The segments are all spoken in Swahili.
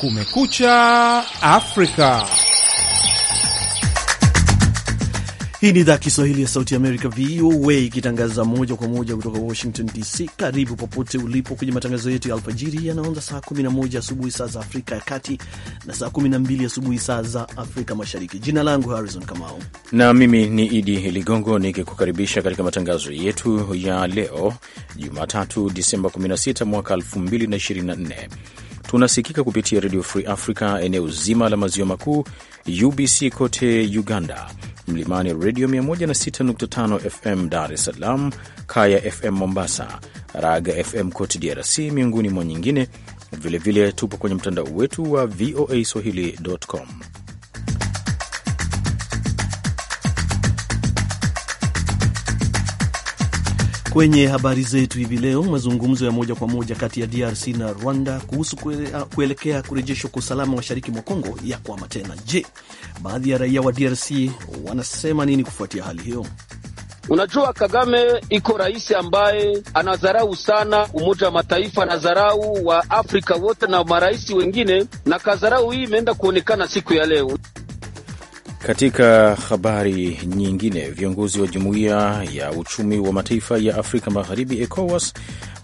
Kumekucha Afrika. Hii ni idhaa Kiswahili ya Sauti ya Amerika, VOA, ikitangaza moja kwa moja kutoka Washington DC. Karibu popote ulipo kwenye matangazo yetu ya alfajiri yanaanza saa 11 asubuhi saa za Afrika ya Kati na saa 12 asubuhi saa za Afrika Mashariki. Jina langu Harrison Kamau na mimi ni Idi Ligongo nikikukaribisha katika matangazo yetu ya leo Jumatatu, Disemba 16 mwaka 2024. Tunasikika kupitia Radio Free Africa eneo zima la maziwa makuu, UBC kote Uganda, Mlimani Radio 106.5 FM Dar es Salaam, Kaya FM Mombasa, Raga FM kote DRC, miongoni mwa nyingine. Vilevile tupo kwenye mtandao wetu wa VOA swahili.com. Kwenye habari zetu hivi leo, mazungumzo ya moja kwa moja kati ya DRC na Rwanda kuhusu ah, kuelekea kurejeshwa kwa usalama mashariki mwa Kongo yakwama tena. Je, baadhi ya raia wa DRC wanasema nini kufuatia hali hiyo? Unajua, Kagame iko rais ambaye anadharau sana Umoja wa Mataifa, anadharau wa Afrika wote na marais wengine, na kadharau hii imeenda kuonekana siku ya leo. Katika habari nyingine, viongozi wa Jumuiya ya Uchumi wa Mataifa ya Afrika Magharibi, ECOWAS,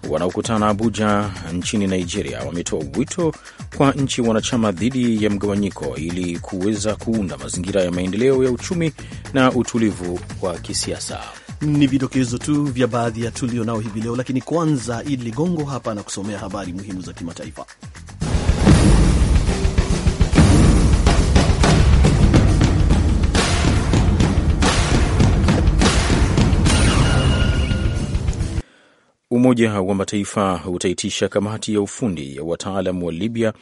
wanaokutana Abuja nchini Nigeria wametoa wito kwa nchi wanachama dhidi ya mgawanyiko ili kuweza kuunda mazingira ya maendeleo ya uchumi na utulivu wa kisiasa. Ni vidokezo tu vya baadhi ya tulio nao hivi leo, lakini kwanza Idi Ligongo hapa anakusomea habari muhimu za kimataifa. Umoja wa Mataifa utaitisha kamati ya ufundi ya wataalam wa Libya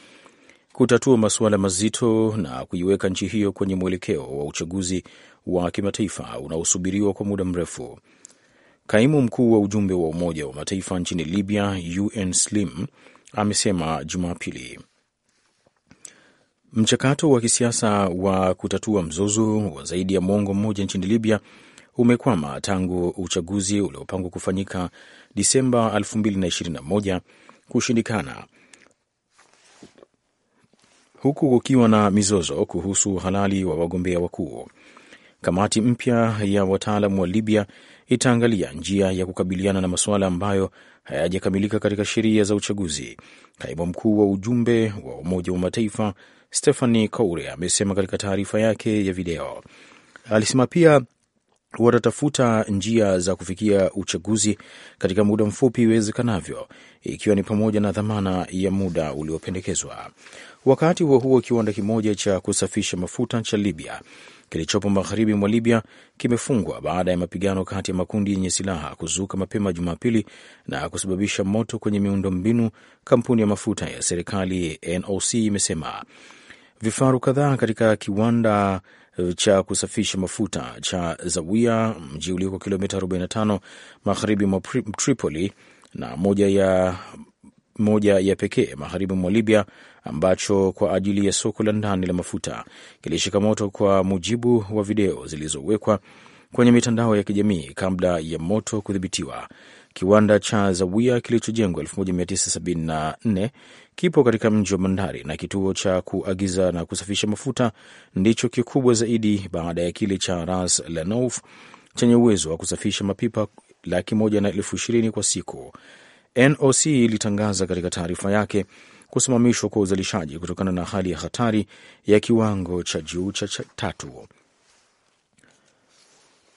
kutatua masuala mazito na kuiweka nchi hiyo kwenye mwelekeo wa uchaguzi wa kimataifa unaosubiriwa kwa muda mrefu. Kaimu mkuu wa ujumbe wa Umoja wa Mataifa nchini Libya UN Slim amesema Jumapili mchakato wa kisiasa wa kutatua mzozo wa zaidi ya mwongo mmoja nchini Libya umekwama tangu uchaguzi uliopangwa kufanyika Disemba 2021 kushindikana, huku kukiwa na mizozo kuhusu uhalali wa wagombea wakuu. Kamati mpya ya wataalam wa Libya itaangalia njia ya kukabiliana na masuala ambayo hayajakamilika katika sheria za uchaguzi. Kaimu mkuu wa ujumbe wa Umoja wa Mataifa Stephanie Koure amesema katika taarifa yake ya video. Alisema pia watatafuta njia za kufikia uchaguzi katika muda mfupi iwezekanavyo, ikiwa ni pamoja na dhamana ya muda uliopendekezwa. Wakati huo huo, kiwanda kimoja cha kusafisha mafuta cha Libya kilichopo magharibi mwa Libya kimefungwa baada ya mapigano kati ya makundi yenye silaha kuzuka mapema Jumapili na kusababisha moto kwenye miundombinu. Kampuni ya mafuta ya serikali NOC imesema vifaru kadhaa katika kiwanda Eh, cha kusafisha mafuta cha zawia mji ulioko kilomita 45 magharibi mwa Tripoli na moja ya moja ya pekee magharibi mwa Libya ambacho kwa ajili ya soko la ndani la mafuta kilishika moto, kwa mujibu wa video zilizowekwa kwenye mitandao ya kijamii kabla ya moto kudhibitiwa. Kiwanda cha Zawia kilichojengwa 1974 kipo katika mji wa bandari na kituo cha kuagiza na kusafisha mafuta ndicho kikubwa zaidi baada ya kile cha Ras Lanouf chenye uwezo wa kusafisha mapipa laki moja na elfu ishirini kwa siku. NOC ilitangaza katika taarifa yake kusimamishwa kwa uzalishaji kutokana na hali ya hatari ya kiwango cha juu cha tatu.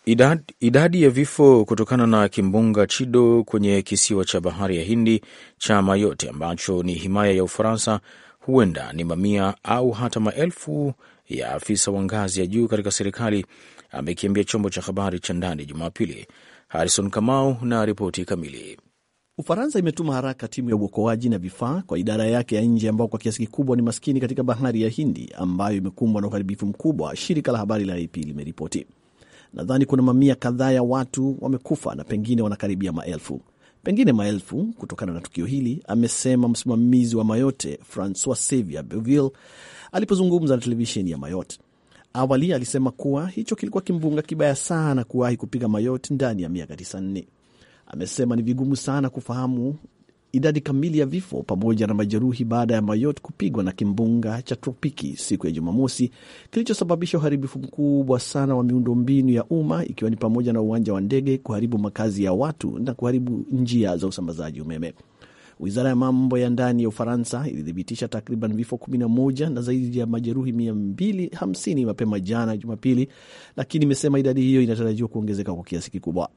Idadi, idadi ya vifo kutokana na kimbunga Chido kwenye kisiwa cha bahari ya Hindi cha Mayotte ambacho ni himaya ya Ufaransa huenda ni mamia au hata maelfu. Ya afisa wa ngazi ya juu katika serikali amekiambia chombo cha habari cha ndani Jumapili. Harrison Kamau na ripoti kamili. Ufaransa imetuma haraka timu ya uokoaji na vifaa kwa idara yake ya nje ambao kwa kiasi kikubwa ni maskini katika bahari ya Hindi ambayo imekumbwa na uharibifu mkubwa, shirika la habari la AP limeripoti. Nadhani kuna mamia kadhaa ya watu wamekufa na pengine wanakaribia maelfu, pengine maelfu kutokana na tukio hili, amesema msimamizi wa mayote Francois Xavier Beville alipozungumza na televisheni ya Mayote. Awali alisema kuwa hicho kilikuwa kimbunga kibaya sana kuwahi kupiga Mayote ndani ya miaka 94. Amesema ni vigumu sana kufahamu idadi kamili ya vifo pamoja na majeruhi baada ya Mayot kupigwa na kimbunga cha tropiki siku ya Jumamosi kilichosababisha uharibifu mkubwa sana wa miundombinu ya umma ikiwa ni pamoja na uwanja wa ndege, kuharibu makazi ya watu na kuharibu njia za usambazaji umeme. Wizara ya mambo ya ndani ya Ufaransa ilithibitisha takriban vifo 11 na zaidi ya majeruhi 250 mapema jana Jumapili, lakini imesema idadi hiyo inatarajiwa kuongezeka kwa kiasi kikubwa.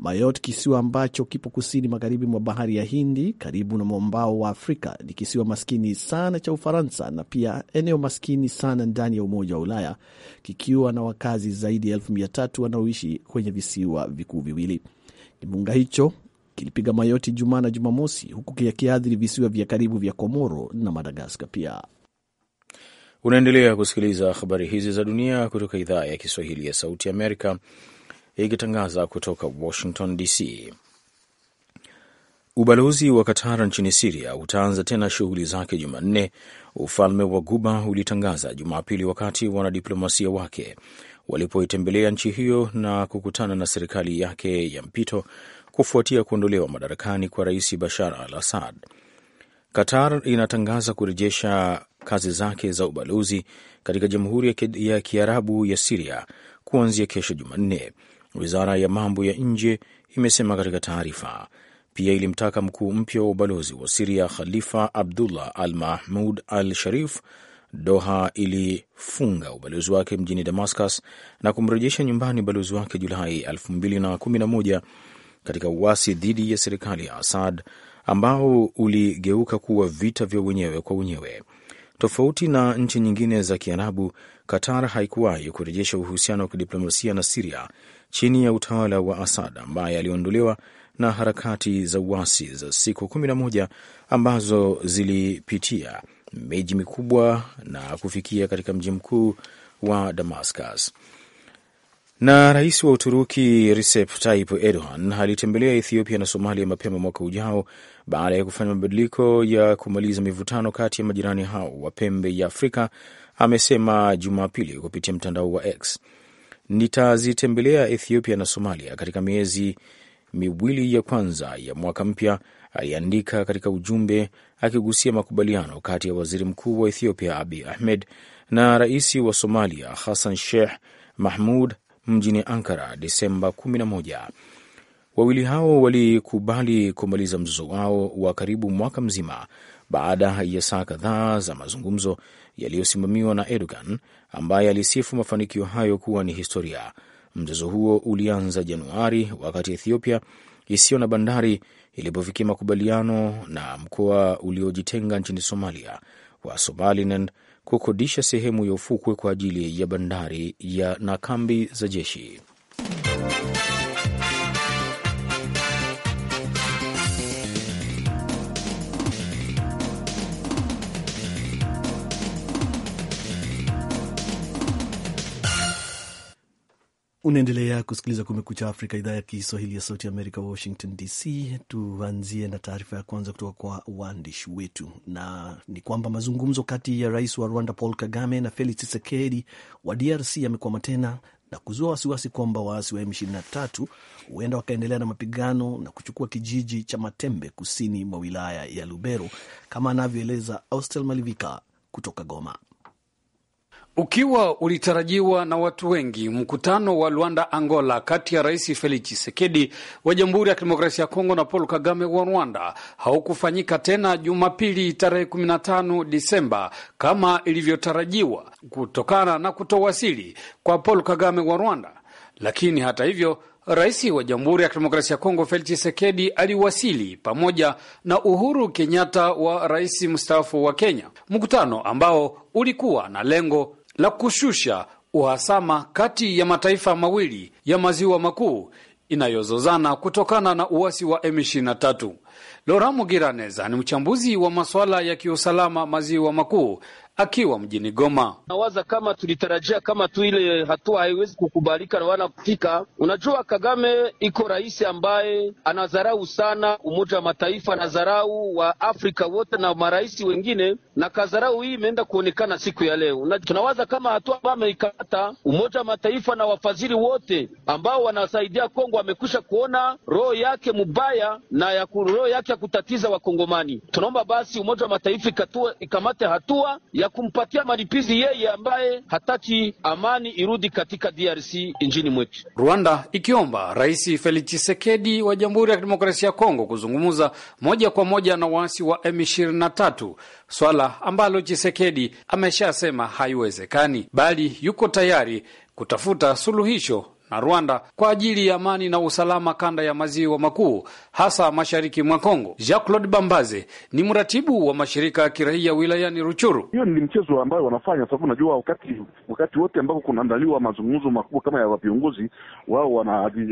Mayot, kisiwa ambacho kipo kusini magharibi mwa bahari ya Hindi karibu na mwambao wa Afrika, ni kisiwa maskini sana cha Ufaransa na pia eneo maskini sana ndani ya Umoja wa Ulaya, kikiwa na wakazi zaidi ya elfu mia tatu wanaoishi kwenye visiwa vikuu viwili. Kimbunga hicho kilipiga Mayoti Jumaa na Jumamosi, huku kikiathiri visiwa vya karibu vya Komoro na Madagaskar pia. Unaendelea kusikiliza habari hizi za dunia kutoka idhaa ya Kiswahili ya Sauti Amerika ikitangaza kutoka Washington DC. Ubalozi wa Qatar nchini Siria utaanza tena shughuli zake Jumanne, ufalme wa Guba ulitangaza Jumapili, wakati wanadiplomasia wake walipoitembelea nchi hiyo na kukutana na serikali yake ya mpito kufuatia kuondolewa madarakani kwa rais Bashar al Assad. Qatar inatangaza kurejesha kazi zake za ubalozi katika Jamhuri ya Kiarabu ya Siria kuanzia kesho Jumanne, wizara ya mambo ya nje imesema katika taarifa. Pia ilimtaka mkuu mpya wa ubalozi wa Siria Khalifa Abdullah Al Mahmud Al Sharif. Doha ilifunga ubalozi wake mjini Damascus na kumrejesha nyumbani balozi wake Julai 2011 katika uasi dhidi ya serikali ya Assad ambao uligeuka kuwa vita vya wenyewe kwa wenyewe. Tofauti na nchi nyingine za Kiarabu, Qatar haikuwahi kurejesha uhusiano wa kidiplomasia na Siria chini ya utawala wa Asad ambaye aliondolewa na harakati za uasi za siku kumi na moja ambazo zilipitia miji mikubwa na kufikia katika mji mkuu wa Damascus. Na rais wa Uturuki Recep Tayyip Erdogan alitembelea Ethiopia na Somalia mapema mwaka ujao baada ya kufanya mabadiliko ya kumaliza mivutano kati ya majirani hao wa pembe ya Afrika, amesema Jumapili kupitia mtandao wa X nitazitembelea Ethiopia na Somalia katika miezi miwili ya kwanza ya mwaka mpya, aliandika katika ujumbe akigusia makubaliano kati ya waziri mkuu wa Ethiopia abi Ahmed na rais wa Somalia Hassan Sheikh Mahmud mjini Ankara Desemba 11. Wawili hao walikubali kumaliza mzozo wao wa karibu mwaka mzima baada ya saa kadhaa za mazungumzo yaliyosimamiwa na Erdogan ambaye alisifu mafanikio hayo kuwa ni historia. Mzozo huo ulianza Januari wakati Ethiopia isiyo na bandari ilipofikia makubaliano na mkoa uliojitenga nchini Somalia wa Somaliland kukodisha sehemu ya ufukwe kwa ajili ya bandari ya na kambi za jeshi. Unaendelea kusikiliza Kumekucha Afrika, idhaa ya Kiswahili ya Sauti Amerika, Washington DC. Tuanzie na taarifa ya kwanza kutoka kwa waandishi wetu, na ni kwamba mazungumzo kati ya rais wa Rwanda Paul Kagame na Felix Tshisekedi wa DRC yamekwama tena na kuzua wasiwasi kwamba waasi wa M23 huenda wakaendelea na mapigano na kuchukua kijiji cha Matembe kusini mwa wilaya ya Lubero, kama anavyoeleza Austel Malivika kutoka Goma. Ukiwa ulitarajiwa na watu wengi, mkutano wa Luanda Angola kati ya Rais Felix chisekedi wa Jamhuri ya Kidemokrasia ya Kongo na Paul Kagame wa Rwanda haukufanyika tena Jumapili tarehe 15 Disemba kama ilivyotarajiwa kutokana na kutowasili kwa Paul Kagame wa Rwanda. Lakini hata hivyo, Rais wa Jamhuri ya Kidemokrasia ya Kongo Felix chisekedi aliwasili pamoja na Uhuru Kenyatta wa rais mstaafu wa Kenya, mkutano ambao ulikuwa na lengo la kushusha uhasama kati ya mataifa mawili ya maziwa makuu inayozozana kutokana na uasi wa M23. Lora Mugiraneza ni mchambuzi wa masuala ya kiusalama maziwa makuu akiwa mjini Goma. Nawaza kama tulitarajia kama tu ile hatua haiwezi kukubalika na wana kufika. Unajua, Kagame iko rais ambaye anadharau sana Umoja wa Mataifa, anadharau wa Afrika wote na marais wengine, na kadharau hii imeenda kuonekana siku ya leo. Tunawaza kama hatua ambayo ameikata Umoja wa Mataifa na wafadhili wote ambao wanasaidia Kongo amekwisha kuona roho yake mubaya na ya roho yake ya kutatiza Wakongomani. Tunaomba basi Umoja wa Mataifa ikatue, ikamate hatua ya kumpatia malipizi yeye ambaye hataki amani irudi katika DRC nchini mwetu. Rwanda ikiomba Rais Felix Tshisekedi wa Jamhuri ya Kidemokrasia ya Kongo kuzungumza moja kwa moja na waasi wa M23, swala ambalo Tshisekedi ameshasema haiwezekani, bali yuko tayari kutafuta suluhisho na Rwanda kwa ajili ya amani na usalama kanda ya maziwa makuu, hasa mashariki mwa Kongo. Jacques Claude Bambaze ni mratibu wa mashirika ya kiraia wilayani Ruchuru. Hiyo ni mchezo ambayo wanafanya sababu, unajua wakati wakati wote ambapo kunaandaliwa mazungumzo makubwa kama ya viongozi wao,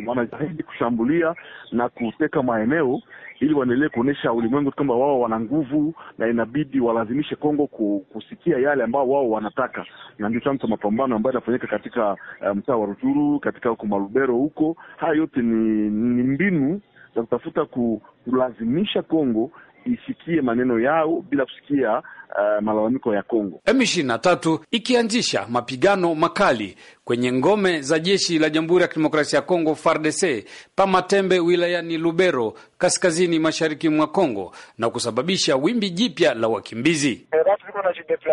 wanajitahidi kushambulia na kuteka maeneo ili waendelee kuonyesha ulimwengu kwamba wao wana nguvu na inabidi walazimishe Kongo kusikia yale ambao wao wanataka, na ndio chanzo cha mapambano ambayo yanafanyika katika eh, mtaa um, wa Ruchuru, katika huko Marubero huko. Haya yote ni, ni mbinu za kutafuta kulazimisha Kongo isikie maneno yao bila kusikia uh, malalamiko ya Kongo. M23 ikianzisha mapigano makali kwenye ngome za jeshi la Jamhuri ya Kidemokrasia ya Kongo FARDC matembe wilayani Lubero kaskazini mashariki mwa Kongo na kusababisha wimbi jipya la wakimbizi. Eh,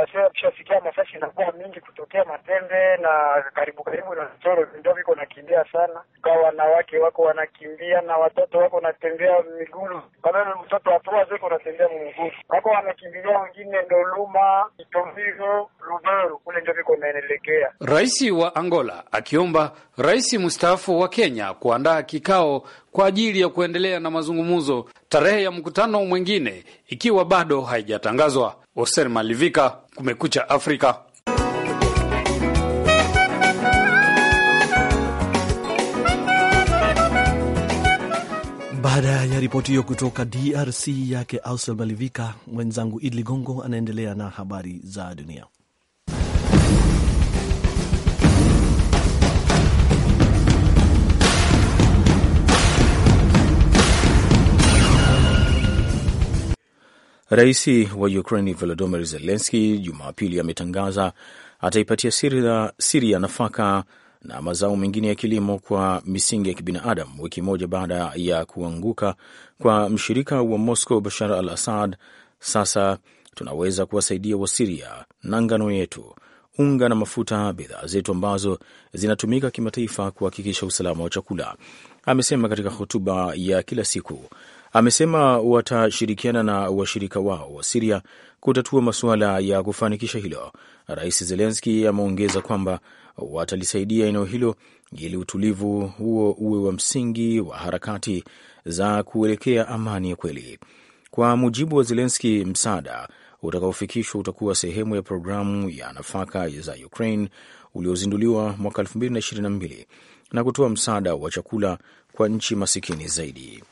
inflation kishafikia nafasi inakuwa mingi kutokea matembe na karibu karibu na vichoro ndio viko nakimbia sana, kwa wanawake wako wanakimbia na watoto wako natembea miguu, kama mtoto watuwazeko natembea miguu wako wanakimbilia wengine Ndoluma, itovivo Lubero kule ndio viko naenelekea. Rais wa Angola akiomba rais mstaafu wa Kenya kuandaa kikao kwa ajili ya kuendelea na mazungumzo, tarehe ya mkutano mwingine ikiwa bado haijatangazwa. Oser Malivika, Kumekucha Afrika. Baada ya ripoti hiyo kutoka DRC yake Ausel Malivika, mwenzangu Id Ligongo anaendelea na habari za dunia. Rais wa Ukraini Volodymyr Zelenski Jumapili ametangaza ataipatia Siria nafaka na mazao mengine ya kilimo kwa misingi ya kibinadamu, wiki moja baada ya kuanguka kwa mshirika wa Moscow Bashar al Assad. Sasa tunaweza kuwasaidia Wasiria na ngano yetu, unga na mafuta, bidhaa zetu ambazo zinatumika kimataifa kuhakikisha usalama wa chakula, amesema katika hotuba ya kila siku amesema watashirikiana na washirika wao wa Siria kutatua masuala ya kufanikisha hilo. Rais Zelenski ameongeza kwamba watalisaidia eneo hilo ili utulivu huo uwe wa msingi wa harakati za kuelekea amani ya kweli. Kwa mujibu wa Zelenski, msaada utakaofikishwa utakuwa sehemu ya programu ya nafaka za Ukraine uliozinduliwa mwaka 2022 na kutoa msaada wa chakula kwa nchi masikini zaidi.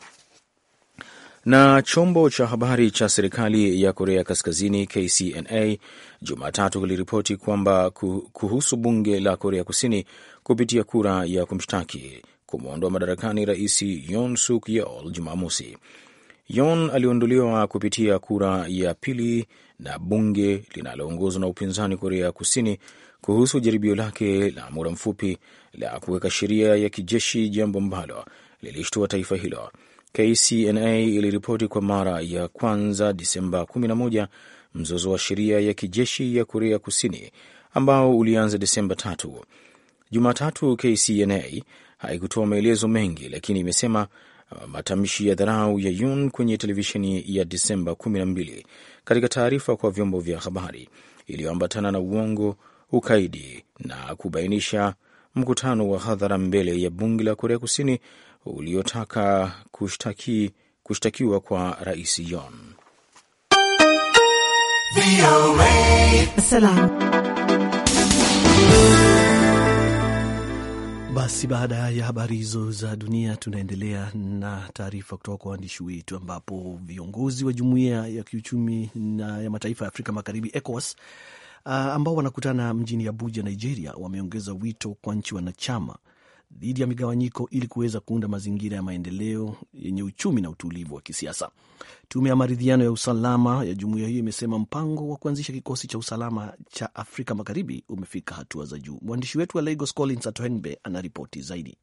Na chombo cha habari cha serikali ya Korea Kaskazini KCNA Jumatatu kiliripoti kwamba kuhusu bunge la Korea Kusini kupitia kura ya kumshtaki kumwondoa madarakani Rais Yoon Suk Yeol Jumamosi. Yoon aliondolewa kupitia kura ya pili na bunge linaloongozwa na upinzani Korea Kusini kuhusu jaribio lake la muda mfupi la kuweka sheria ya kijeshi, jambo ambalo lilishtua taifa hilo. KCNA iliripoti kwa mara ya kwanza Disemba 11 mzozo wa sheria ya kijeshi ya Korea Kusini ambao ulianza Disemba tatu. Jumatatu, KCNA haikutoa maelezo mengi, lakini imesema uh, matamshi ya dharau ya Yun kwenye televisheni ya Disemba 12 katika taarifa kwa vyombo vya habari iliyoambatana na uongo, ukaidi na kubainisha mkutano wa hadhara mbele ya bunge la Korea Kusini uliotaka kushtaki, kushtakiwa kwa Rais Yon. Basi baada ya habari hizo za dunia, tunaendelea na taarifa kutoka kwa waandishi wetu, ambapo viongozi wa jumuiya ya kiuchumi na ya mataifa ya Afrika Magharibi, ECOWAS, ah, ambao wanakutana mjini Abuja, Nigeria, wameongeza wito kwa nchi wanachama dhidi ya migawanyiko ili kuweza kuunda mazingira ya maendeleo yenye uchumi na utulivu wa kisiasa. Tume ya maridhiano ya usalama ya jumuiya hiyo imesema mpango wa kuanzisha kikosi cha usalama cha Afrika Magharibi umefika hatua za juu. Mwandishi wetu wa Lagos Collins Atohenbe anaripoti zaidi.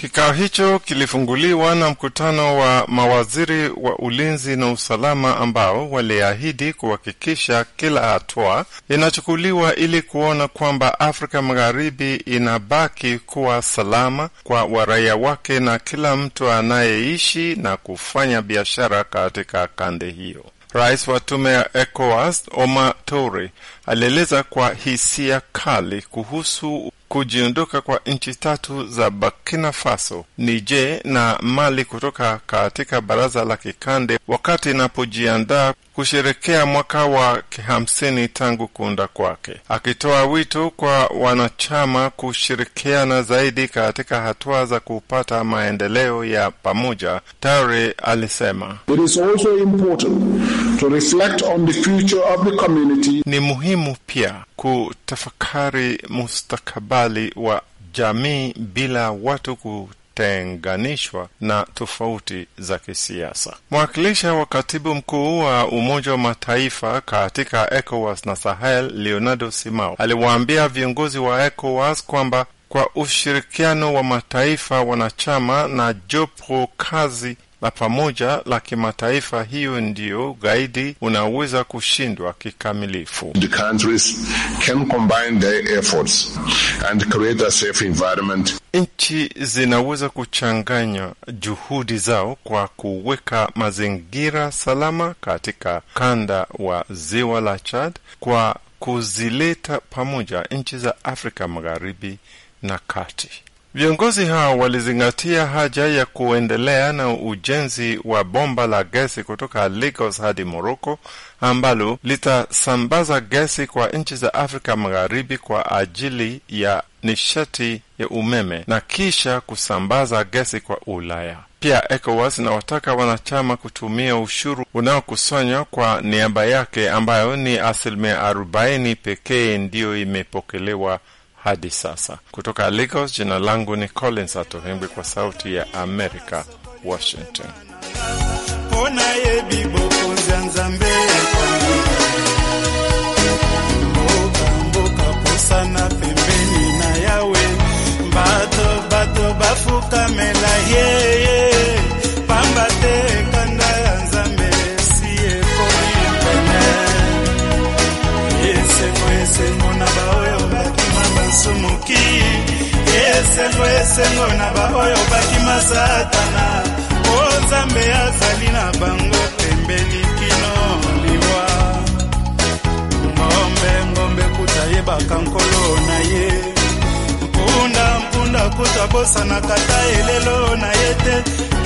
Kikao hicho kilifunguliwa na mkutano wa mawaziri wa ulinzi na usalama ambao waliahidi kuhakikisha kila hatua inachukuliwa ili kuona kwamba Afrika Magharibi inabaki kuwa salama kwa waraia wake na kila mtu anayeishi na kufanya biashara katika kande hiyo. Rais wa tume ya ECOWAS Omar touri alieleza kwa hisia kali kuhusu kujiondoka kwa nchi tatu za Burkina Faso, Niger na Mali kutoka katika baraza la kikande wakati inapojiandaa kusherekea mwaka wa kihamsini tangu kuunda kwake, akitoa wito kwa wanachama kushirikiana zaidi katika hatua za kupata maendeleo ya pamoja. Tare alisema It is also important to reflect on the future of the community. Ni muhimu pia kutafakari mustakabali wa jamii bila watu ku kutenganishwa na tofauti za kisiasa. Mwakilishi wa katibu mkuu wa Umoja wa Mataifa katika ECOWAS na Sahel, Leonardo Simao, aliwaambia viongozi wa ECOWAS kwamba kwa ushirikiano wa mataifa wanachama na jopo kazi la pamoja la kimataifa. Hiyo ndiyo ugaidi unaweza kushindwa kikamilifu. The countries can combine their efforts and create a safe environment. Nchi zinaweza kuchanganya juhudi zao kwa kuweka mazingira salama katika kanda wa ziwa la Chad kwa kuzileta pamoja nchi za Afrika Magharibi na Kati. Viongozi hao walizingatia haja ya kuendelea na ujenzi wa bomba la gesi kutoka Lagos hadi Moroko ambalo litasambaza gesi kwa nchi za Afrika Magharibi kwa ajili ya nishati ya umeme na kisha kusambaza gesi kwa Ulaya. Pia ECOWAS inawataka wanachama kutumia ushuru unaokusanywa kwa niaba yake ambayo ni asilimia arobaini pekee ndiyo imepokelewa hadi sasa. Kutoka Lagos, jina langu ni Collins Atohengwi kwa Sauti ya Amerika, Washington. Bato, bato, bafuka mela esengo na baoyo bakima satana o oh, nzambe azali na bango pembeni kino liwa ngombe ngombe kuta yebaka nkolo na ye mpunda mpunda kuta bosanaka ta elelo na ye te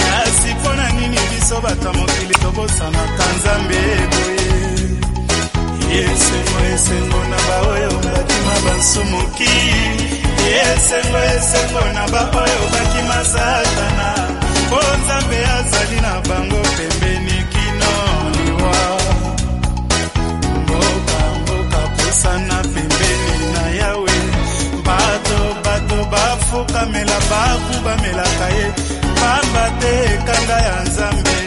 kasi mpo na nini biso bato mokili tobosanaka nzambe boye esengo esengo na baoyo bakima bansumuki esengo esengo na baoyo bakima satana mpo nzambe azali na bango pembeni kino liwa mbokamboka kosana pembeni na yawe bato bato bafukamela baku bamelaka ye pamba te ekanda ya nzambe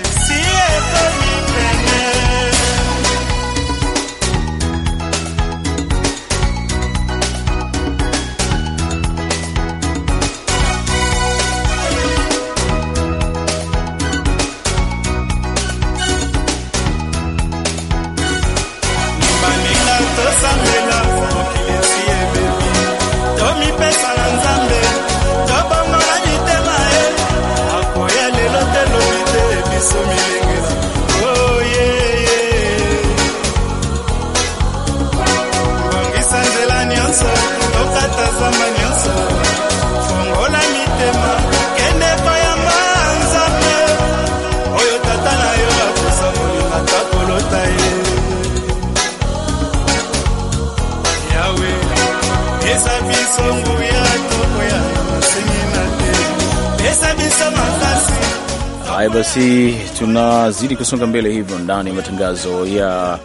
Haya basi, tunazidi kusonga mbele hivyo ndani ya matangazo ya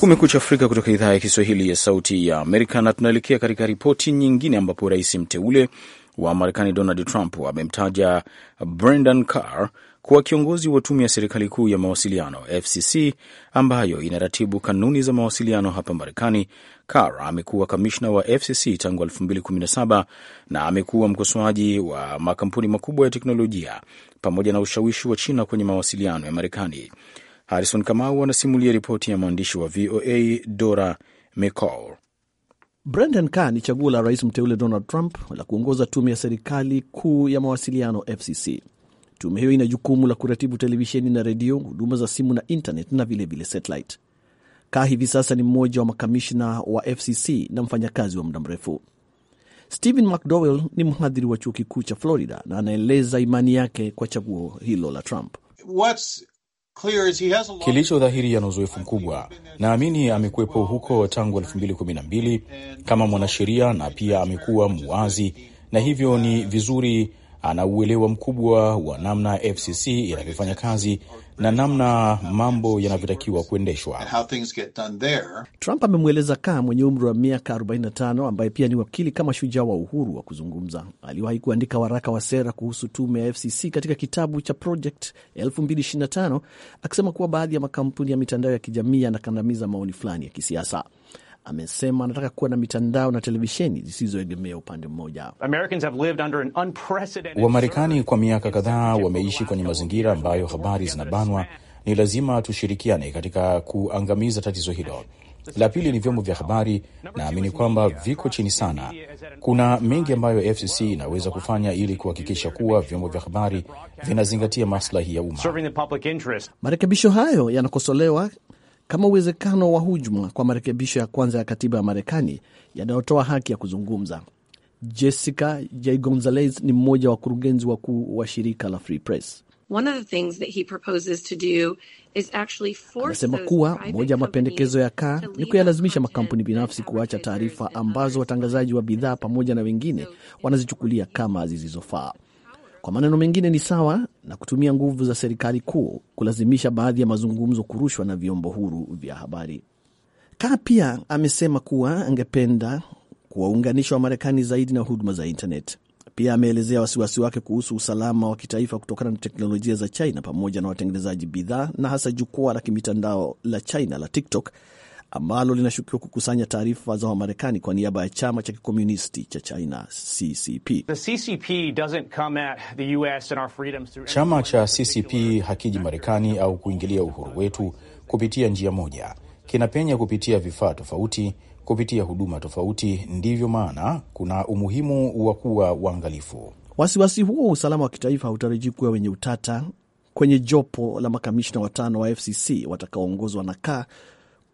Kumekucha Afrika kutoka idhaa ya Kiswahili ya Sauti ya Amerika, na tunaelekea katika ripoti nyingine ambapo rais mteule wa Marekani Donald Trump amemtaja Brendan Carr kuwa kiongozi wa tume ya serikali kuu ya mawasiliano FCC ambayo inaratibu kanuni za mawasiliano hapa Marekani. Carr amekuwa kamishna wa FCC tangu 2017 na amekuwa mkosoaji wa makampuni makubwa ya teknolojia pamoja na ushawishi wa China kwenye mawasiliano ya Marekani. Harrison Kamau anasimulia ripoti ya mwandishi wa VOA Dora Micol. Brendan Carr ni chaguo la rais mteule Donald Trump la kuongoza tume ya serikali kuu ya mawasiliano FCC. Tume hiyo ina jukumu la kuratibu televisheni na redio, huduma za simu na intanet na vilevile satellite. Kaa hivi sasa ni mmoja wa makamishna wa FCC na mfanyakazi wa muda mrefu. Stephen McDowell ni mhadhiri wa chuo kikuu cha Florida na anaeleza imani yake kwa chaguo hilo la Trump. What's Kilicho dhahiri ana uzoefu mkubwa, naamini amekuwepo huko tangu 2012 kama mwanasheria na pia amekuwa muwazi, na hivyo ni vizuri ana uelewa mkubwa wa namna FCC inavyofanya kazi na namna mambo yanavyotakiwa kuendeshwa. Trump amemweleza Kaa mwenye umri wa miaka 45 ambaye pia ni wakili kama shujaa wa uhuru wa kuzungumza. Aliwahi kuandika waraka wa sera kuhusu tume ya FCC katika kitabu cha Project 2025 akisema kuwa baadhi ya makampuni ya mitandao ya kijamii yanakandamiza maoni fulani ya kisiasa amesema anataka kuwa na mitandao na televisheni zisizoegemea upande mmoja. Wamarekani kwa miaka kadhaa wameishi kwenye mazingira ambayo habari zinabanwa. Ni lazima tushirikiane katika kuangamiza tatizo hilo. La pili ni vyombo vya habari, naamini kwamba viko chini sana. Kuna mengi ambayo FCC inaweza kufanya ili kuhakikisha kuwa vyombo vya habari vinazingatia maslahi ya umma. Marekebisho hayo yanakosolewa kama uwezekano wa hujuma kwa marekebisho ya kwanza ya katiba ya Marekani yanayotoa haki ya kuzungumza. Jessica J. Gonzalez ni mmoja wa wakurugenzi wakuu wa shirika la Free Press. Anasema kuwa moja ya mapendekezo ya kaa ni kuyalazimisha makampuni binafsi kuacha taarifa ambazo watangazaji wa bidhaa pamoja na wengine wanazichukulia kama zisizofaa. Kwa maneno mengine, ni sawa na kutumia nguvu za serikali kuu kulazimisha baadhi ya mazungumzo kurushwa na vyombo huru vya habari. Kaa pia amesema kuwa angependa kuwaunganisha Wamarekani zaidi na huduma za intanet. Pia ameelezea wasiwasi wake kuhusu usalama wa kitaifa kutokana na teknolojia za China pamoja na watengenezaji bidhaa na hasa jukwaa la kimitandao la China la TikTok ambalo linashukiwa kukusanya taarifa za Wamarekani kwa niaba ya chama cha kikomunisti cha China CCP. The CCP doesn't come at the US and our freedoms through... chama cha CCP hakiji Marekani au kuingilia uhuru wetu kupitia njia moja, kinapenya kupitia vifaa tofauti, kupitia huduma tofauti. Ndivyo maana kuna umuhimu wa kuwa uangalifu. Wasiwasi huo wa usalama wa kitaifa hautarajii kuwa wenye utata kwenye jopo la makamishna watano wa FCC watakaoongozwa na Kaa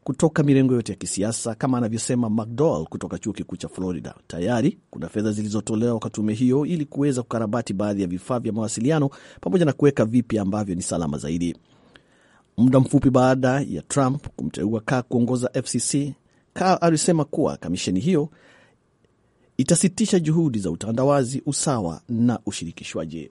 kutoka mirengo yote ya kisiasa, kama anavyosema McDowell kutoka chuo kikuu cha Florida. Tayari kuna fedha zilizotolewa kwa tume hiyo ili kuweza kukarabati baadhi ya vifaa vya mawasiliano pamoja na kuweka vipya ambavyo ni salama zaidi. Muda mfupi baada ya Trump kumteua Carr kuongoza FCC, Carr alisema kuwa kamisheni hiyo itasitisha juhudi za utandawazi, usawa na ushirikishwaji.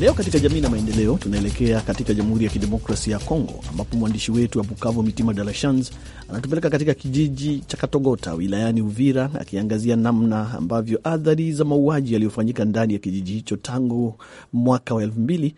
Leo katika jamii na maendeleo, tunaelekea katika Jamhuri ya Kidemokrasia ya Kongo, ambapo mwandishi wetu wa Bukavu Mitima De La Shans anatupeleka katika kijiji cha Katogota wilayani Uvira, akiangazia namna ambavyo athari za mauaji yaliyofanyika ndani ya kijiji hicho tangu mwaka wa elfu mbili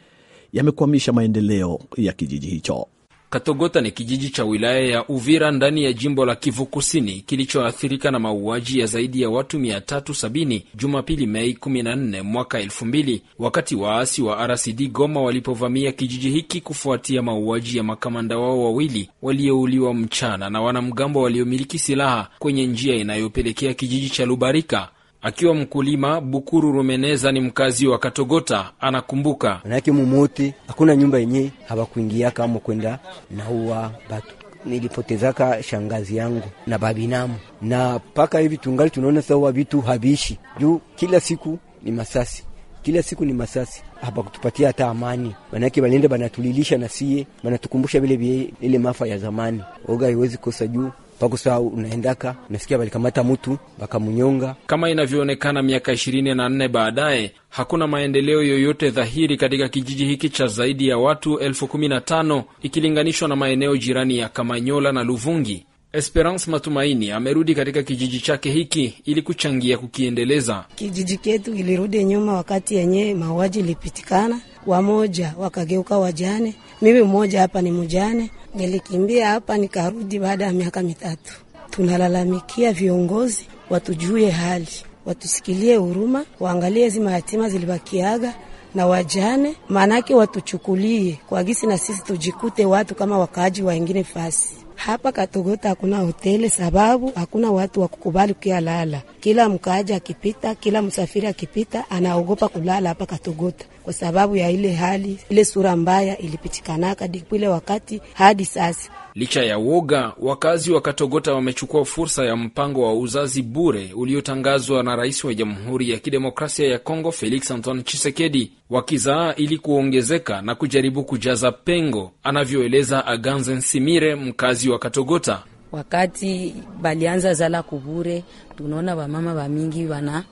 yamekwamisha maendeleo ya kijiji hicho. Katogota ni kijiji cha wilaya ya Uvira ndani ya jimbo la Kivu Kusini kilichoathirika na mauaji ya zaidi ya watu 370 Jumapili, Mei 14 mwaka 2000 wakati waasi wa RCD Goma walipovamia kijiji hiki kufuatia mauaji ya makamanda wao wawili waliouliwa mchana na wanamgambo waliomiliki silaha kwenye njia inayopelekea kijiji cha Lubarika. Akiwa mkulima, Bukuru Rumeneza ni mkazi wa Katogota, anakumbuka manake mumote hakuna nyumba yenye hawakuingiaka amo kwenda naua batu nilipotezaka shangazi yangu na babinamu, na mpaka hivi tungali tunaona sawa vitu haviishi juu kila siku ni masasi, kila siku ni masasi. hapakutupatia hata amani, manake balenda banatulilisha na sie banatukumbusha vile vile ile mafa ya zamani. Oga iwezi kosa juu pako saa unaendaka unasikia walikamata mtu wakamunyonga. Kama inavyoonekana, miaka ishirini na nne baadaye hakuna maendeleo yoyote dhahiri katika kijiji hiki cha zaidi ya watu elfu kumi na tano ikilinganishwa na maeneo jirani ya Kamanyola na Luvungi. Esperance Matumaini amerudi katika kijiji chake hiki ili kuchangia kukiendeleza. Kijiji chetu ilirudi nyuma wakati yenye mauaji ilipitikana, wamoja wakageuka wajane. Mimi mmoja hapa ni mjane Nilikimbia hapa nikarudi baada ya miaka mitatu. Tunalalamikia viongozi watujue hali, watusikilie huruma, waangalie hizi mayatima zilibakiaga na wajane, maanake watuchukulie kwa gisi na sisi tujikute watu kama wakaaji wengine fasi hapa Katogota hakuna hoteli sababu hakuna watu wa kukubali kuyalala. Kila mkaaji akipita, kila msafiri akipita, anaogopa kulala hapa Katogota kwa sababu ya ile hali ile sura mbaya ilipitikanaka dipile wakati hadi sasa Licha ya woga, wakazi wa Katogota wamechukua fursa ya mpango wa uzazi bure uliotangazwa na rais wa Jamhuri ya Kidemokrasia ya Kongo Felix Antoine chisekedi wakizaa ili kuongezeka na kujaribu kujaza pengo, anavyoeleza Aganze Nsimire, mkazi wa Katogota. Wakati balianza zala kubure, tunaona wamama wamingi wana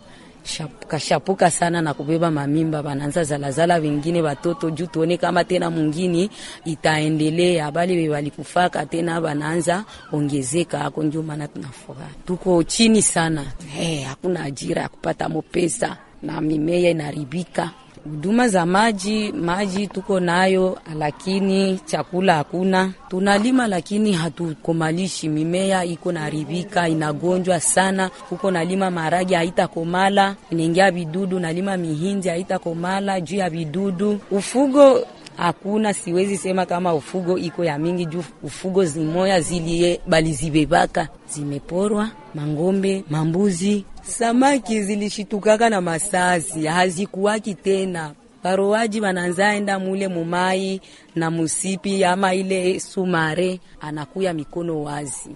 kashapuka sana na kubeba mamimba, bananza zalazala wengine batoto juu, tuone kama tena mungini itaendelea, bali walikufaka tena bananza ongezeka ako. Ndio maana tunafurahi, tuko chini sana, eh, hakuna ajira ya kupata mopesa na mimea inaribika. Huduma za maji, maji tuko nayo, lakini chakula hakuna. Tunalima lakini hatukomalishi, mimea iko naharibika, inagonjwa sana. Huko nalima maragi haitakomala, inaingia vidudu. Nalima mihindi haitakomala juu ya vidudu. Ufugo hakuna, siwezi sema kama ufugo iko ya mingi juu ufugo zimoya zilie balizibebaka zimeporwa, mangombe mambuzi Samaki zilishitukaka na masasi, hazikuwaki tena. Barowaji wananza enda mule mumai na musipi ama ile sumare, anakuya mikono wazi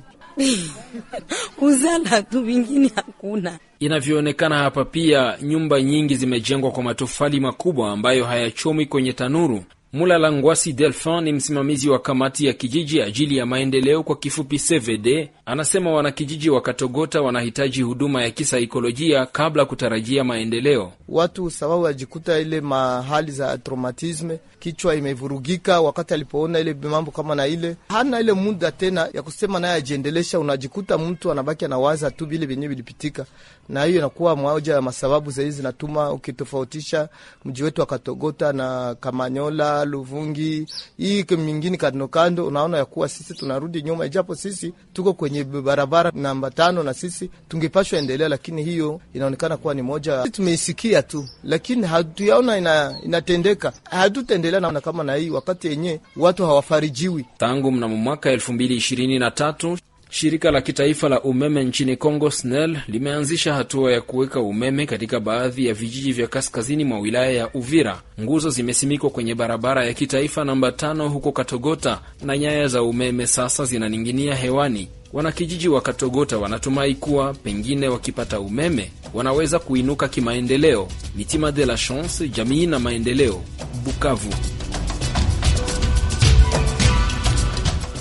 kuzala tu, vingine hakuna. Inavyoonekana hapa pia, nyumba nyingi zimejengwa kwa matofali makubwa ambayo hayachomi kwenye tanuru. Mulala Ngwasi Delfin ni msimamizi wa kamati ya kijiji ajili ya maendeleo, kwa kifupi CVD Anasema wanakijiji wa Katogota wanahitaji huduma ya kisaikolojia kabla kutarajia maendeleo. Watu sababu wajikuta ile mahali za traumatisme, kichwa imevurugika. Wakati alipoona ile mambo kama na ile, hana ile muda tena ya kusema naye ajiendelesha. Unajikuta mtu anabaki anawaza tu vile vyenyewe vilipitika, na hiyo inakuwa moja ya masababu zaii zinatuma ukitofautisha mji wetu wa Katogota na Kamanyola, Luvungi, hii mingine kandokando, unaona ya kuwa sisi tunarudi nyuma, ijapo sisi tuko kwenye kwenye barabara namba tano, na sisi tungepashwa endelea, lakini hiyo inaonekana kuwa ni moja tumeisikia tu, lakini hatuyaona ina, inatendeka. Hatutaendelea na kama na hii wakati yenyewe watu hawafarijiwi tangu mnamo mwaka elfu mbili ishirini na tatu. Shirika la kitaifa la umeme nchini Congo, SNEL, limeanzisha hatua ya kuweka umeme katika baadhi ya vijiji vya kaskazini mwa wilaya ya Uvira. Nguzo zimesimikwa kwenye barabara ya kitaifa namba tano huko Katogota, na nyaya za umeme sasa zinaninginia hewani. Wanakijiji wa Katogota wanatumai kuwa pengine wakipata umeme wanaweza kuinuka kimaendeleo. Mitima de la Chance, jamii na maendeleo, Bukavu.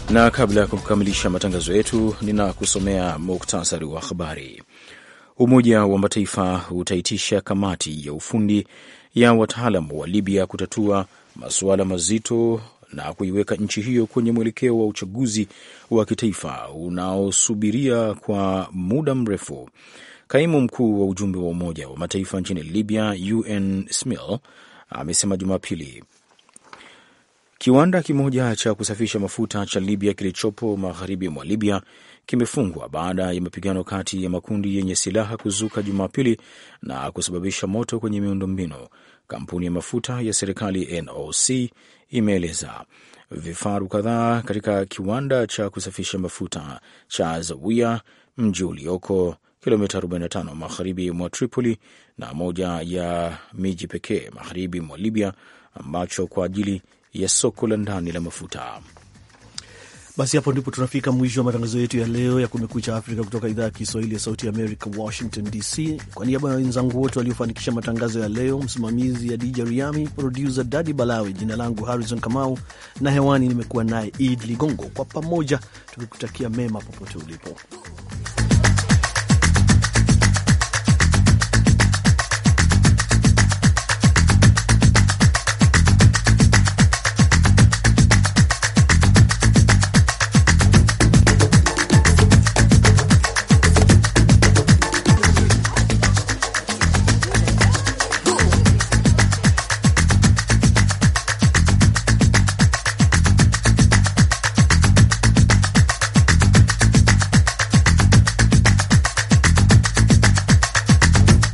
Na kabla ya kukamilisha matangazo yetu, ninakusomea muktasari wa habari. Umoja wa Mataifa utaitisha kamati ya ufundi ya wataalam wa Libya kutatua masuala mazito na kuiweka nchi hiyo kwenye mwelekeo wa uchaguzi wa kitaifa unaosubiria kwa muda mrefu. Kaimu mkuu wa ujumbe wa Umoja wa Mataifa nchini Libya, UN SMIL, amesema Jumapili kiwanda kimoja cha kusafisha mafuta cha Libya kilichopo magharibi mwa Libya kimefungwa baada ya mapigano kati ya makundi yenye silaha kuzuka Jumapili na kusababisha moto kwenye miundombinu Kampuni ya mafuta ya serikali NOC imeeleza vifaru kadhaa katika kiwanda cha kusafisha mafuta cha Zawiya, mji ulioko kilomita 45 magharibi mwa Tripoli na moja ya miji pekee magharibi mwa Libya ambacho kwa ajili ya soko la ndani la mafuta. Basi hapo ndipo tunafika mwisho wa matangazo yetu ya leo ya Kumekucha Afrika kutoka idhaa ya Kiswahili ya Sauti america Amerika, Washington DC. Kwa niaba ya wenzangu wote waliofanikisha matangazo ya leo, msimamizi ya DJ Riami, produsa Dadi Balawi, jina langu Harrison Kamau na hewani nimekuwa naye Id Ligongo, kwa pamoja tukikutakia mema popote ulipo.